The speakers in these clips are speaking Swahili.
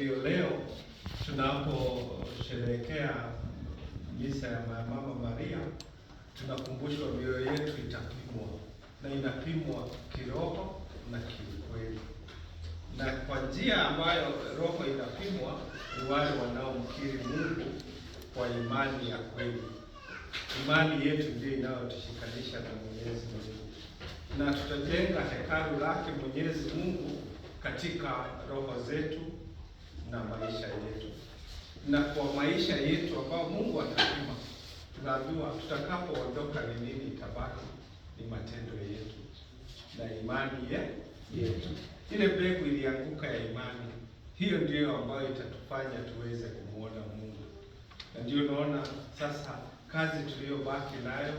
Hiyo leo tunaposherehekea misa ya Mama Maria tunakumbushwa mioyo yetu itapimwa na inapimwa kiroho na kiukweli, na kwa njia ambayo roho inapimwa ni wale wanaomkiri Mungu kwa imani ya kweli. Imani yetu ndiyo inayotushikanisha na Mwenyezi Mungu, na tutajenga hekalu lake Mwenyezi Mungu katika roho zetu na maisha yetu, na kwa maisha yetu ambayo Mungu atapima. tunajua tutakapoondoka ni nini itabaki? Ni matendo yetu na imani yetu. Ile mbegu ilianguka ya imani, hiyo ndiyo ambayo itatufanya tuweze kumwona Mungu, na ndio unaona sasa kazi tuliyobaki nayo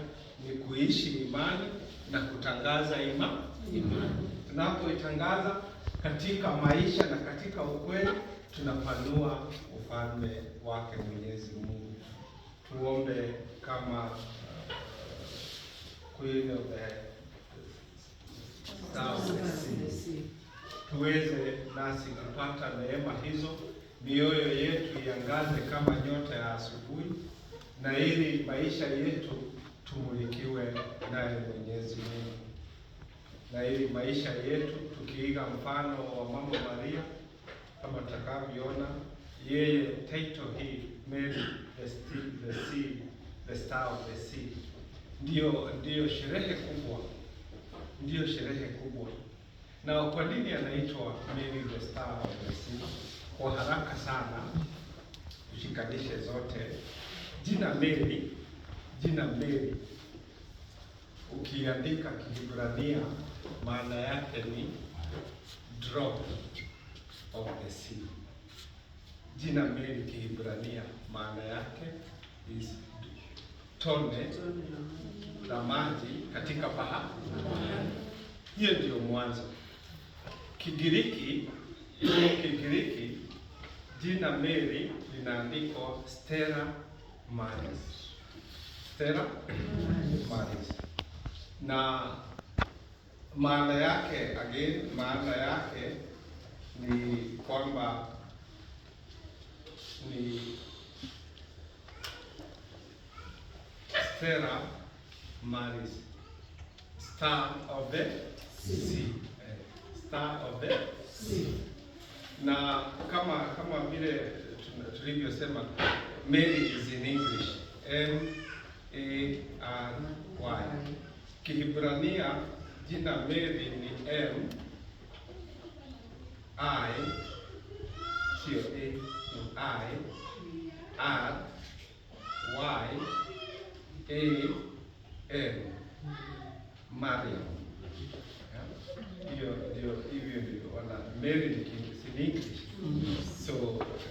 ni kuishi imani na kutangaza imani. Tunapoitangaza katika maisha na katika ukweli tunapanua ufalme wake Mwenyezi Mungu. Tuombe kama uh, Queen of the tuweze nasi kupata neema hizo, mioyo yetu iangaze kama nyota ya asubuhi, na ili maisha yetu tumulikiwe naye Mwenyezi Mungu, na ili maisha yetu tukiiga mfano wa Mama Maria kama tutakavyoona yeye title hii Mary the Sea, the Sea, the Star of the Sea, ndio ndio sherehe kubwa, ndio sherehe kubwa. Na kwa nini anaitwa Mary the Star of the Sea? Kwa haraka sana tushikanishe zote, jina Mary, jina Mary ukiandika Kiebrania maana yake ni drop of the sea. Jina Meri Kihibrania maana yake is tone la maji katika paha. Hiyo ndio mwanzo. Kigiriki Kigiriki jina Meri linaandikwa Stera Maris. Stera Maris. Na maana yake again, maana yake ni kwamba ni Stella Maris, star of the sea, star of the sea. Na kama kama vile tulivyosema Mary is in English, M A R Y. Kihibrania jina Mary ni M I, sio A, I, R, Y, A, M, Mariam. Hiyo hivyo ndio wana Mary ni English. So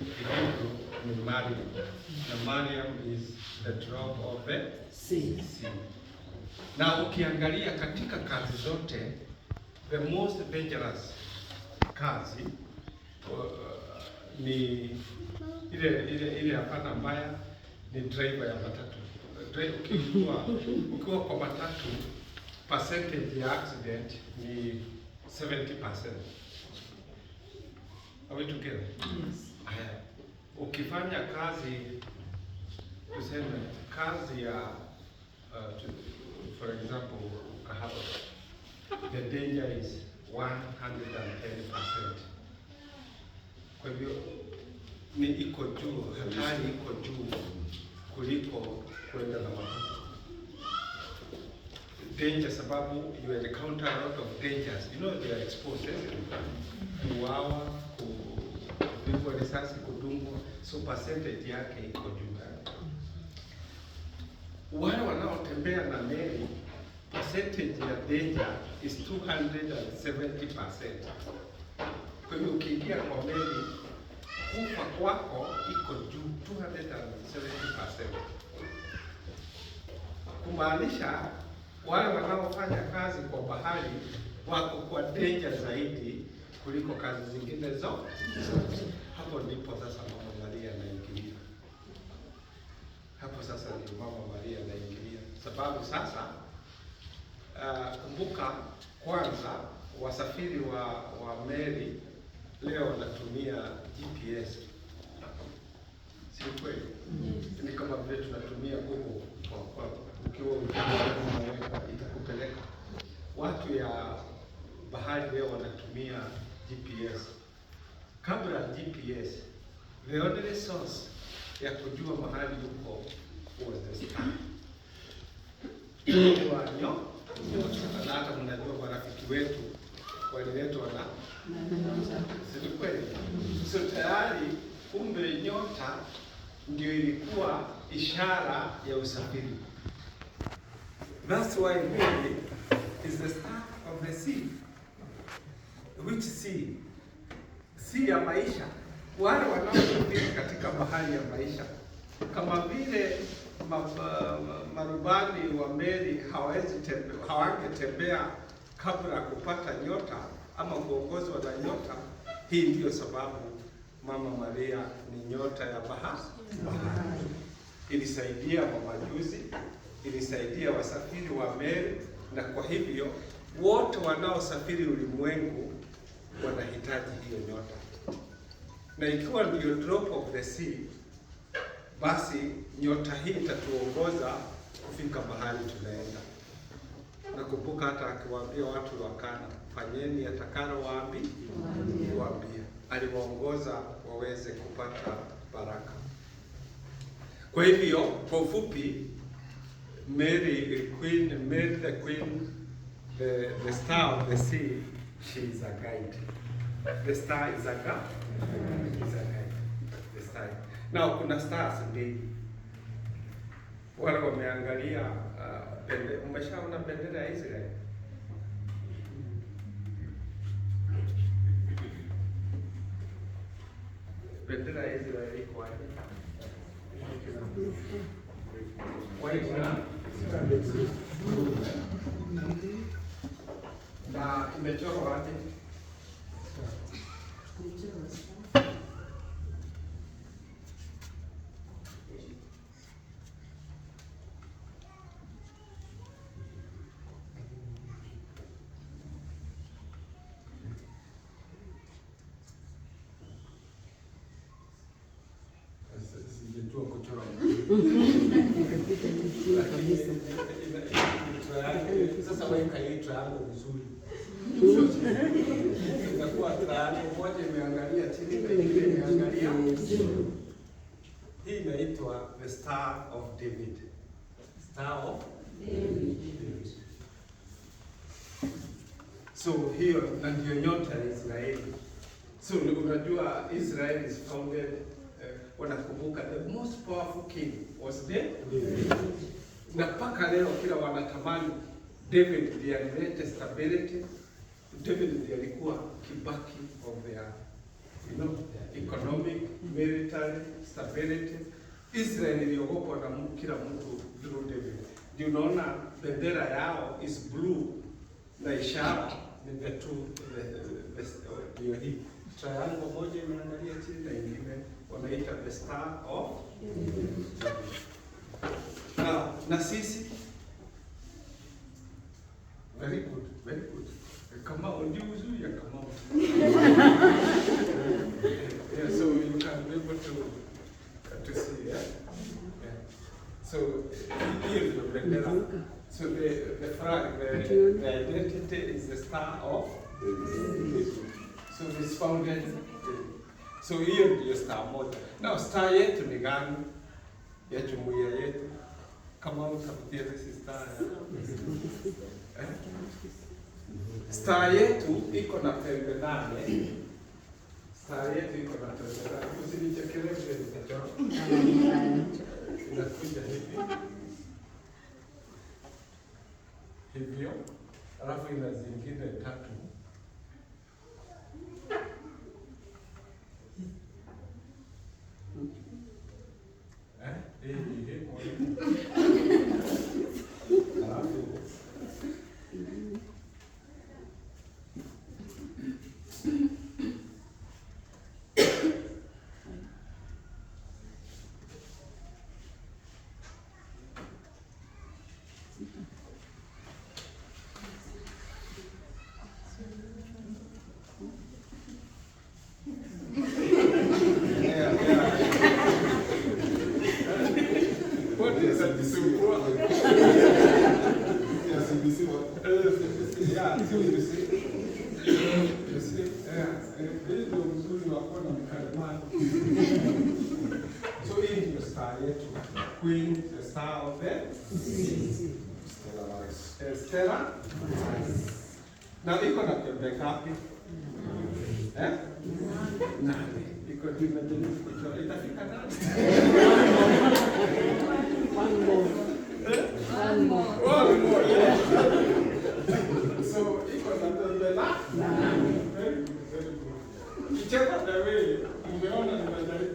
Hebrew ni Mariam. Na Mariam is the drop of a sea. Na ukiangalia katika kazi zote the most dangerous kazi uh, ni ile ile ile hapana mbaya ni driver ya matatu. Ukiwa ukiwa kwa matatu percentage ya accident ni 70%. Are we together? Yes. Uh, ukifanya kazi tuseme kazi ya uh, to, for example uh, the danger is 110%. Kwa hivyo ni iko juu, hatari iko juu kuliko kwenda na mafuta danger, sababu you encounter a lot of dangers, you know they are exposed eh? kuuawa, kupigwa risasi, kudungwa, so percentage yake iko juu. Wale wanaotembea na meli percentage ya danger is 270%. Kwa hiyo ukiingia kwa meli, kufa kwako iko juu 270%, kumaanisha wale wanaofanya kazi kwa bahari wako kwa danger zaidi kuliko kazi zingine zote. Hapo ndipo sasa Mama Maria anaingilia. Hapo sasa ndio Mama Maria anaingilia, sababu sasa kumbuka kwanza wasafiri wa, wa meli leo wanatumia GPS si kweli? Mm. Ni kama vile tunatumia Google kwa ukiwa itakupeleka. Watu ya bahari leo wanatumia GPS. Kabla ya GPS, the only source ya kujua mahali uko was the sky na hata mnajua kwa rafiki wetu waliletwa na kweli, tayari. Kumbe nyota ndio ilikuwa ishara ya usafiri. That's why really is the star of the sea. Which sea? Sea ya maisha, wale wanaosafiri katika bahari ya maisha kama vile marubani wa meli hawawezi hawangetembea kabla ya kupata nyota ama kuongozwa na nyota. Hii ndiyo sababu Mama Maria ni nyota ya bahari. Ilisaidia mamajuzi, ilisaidia wasafiri wa meli, na kwa hivyo wote wanaosafiri ulimwengu wanahitaji hiyo nyota, na ikiwa ndio drop of the sea basi nyota hii itatuongoza kufika mahali tunaenda. Nakumbuka hata akiwaambia watu wa Kana, fanyeni atakalo waambi waambia, aliwaongoza waweze kupata baraka. Kwa hivyo kwa ufupi, Mary Queen, Mary the Queen, the, the star of the sea, she is a guide. The star Is a guide. Nao kuna stars mbili, wale wameangalia uh, bendera. Umeshaona bendera ya Israel? Bendera ya Israel iko wapi? Uh, na imechorwa wapi? Sasa wewe kaita hapo vizuri. Itakuwa tano moja imeangalia chini na nyingine imeangalia. Hii inaitwa the Star of David. Star of David. So hiyo na ndio nyota ya Israeli. So unajua Israel is founded wanakumbuka the most powerful king was the David. Na paka leo kila wanatamani David ndiye alileta stability. David ndiye alikuwa Kibaki of their you know, economic, military stability. Israel iliogopwa na kila mtu through David. Ndio unaona bendera yao is blue na ishara ni the two the, the, the, the, the, the, the, the, triangle moja imeangalia chini na ingine wanaita the star of na, ah, na sisi very good, very good. Come Kama ndio uzuri ya out. yeah, so you can be able to uh, to see yeah? yeah. So hiyo the bendera. So the the flag the, the identity is the star of So Miss Fountain. So hiyo ndiyo star moja. Na star yetu ni gani? Ya jumuiya yetu. Kama utafutia sisi eh? star ya. Star yetu iko na pembe nane. Star yetu iko na pembe nane. Usinichekelee vile Inakuja hivi. Hivyo. Alafu ina zingine tatu. grazie, Presidente. Vedo uzuri wa kuwa na mkalimani. So hii ndio star yetu, Queen, the star of the sea. Stella Maris. Na iko na pembe ngapi? Eh? Nane. Iko hivi ndio kuchora itafika nane. One more. One more. One more. So iko na mbela na nani? Very good, very good. Kicheko na wewe umeona ni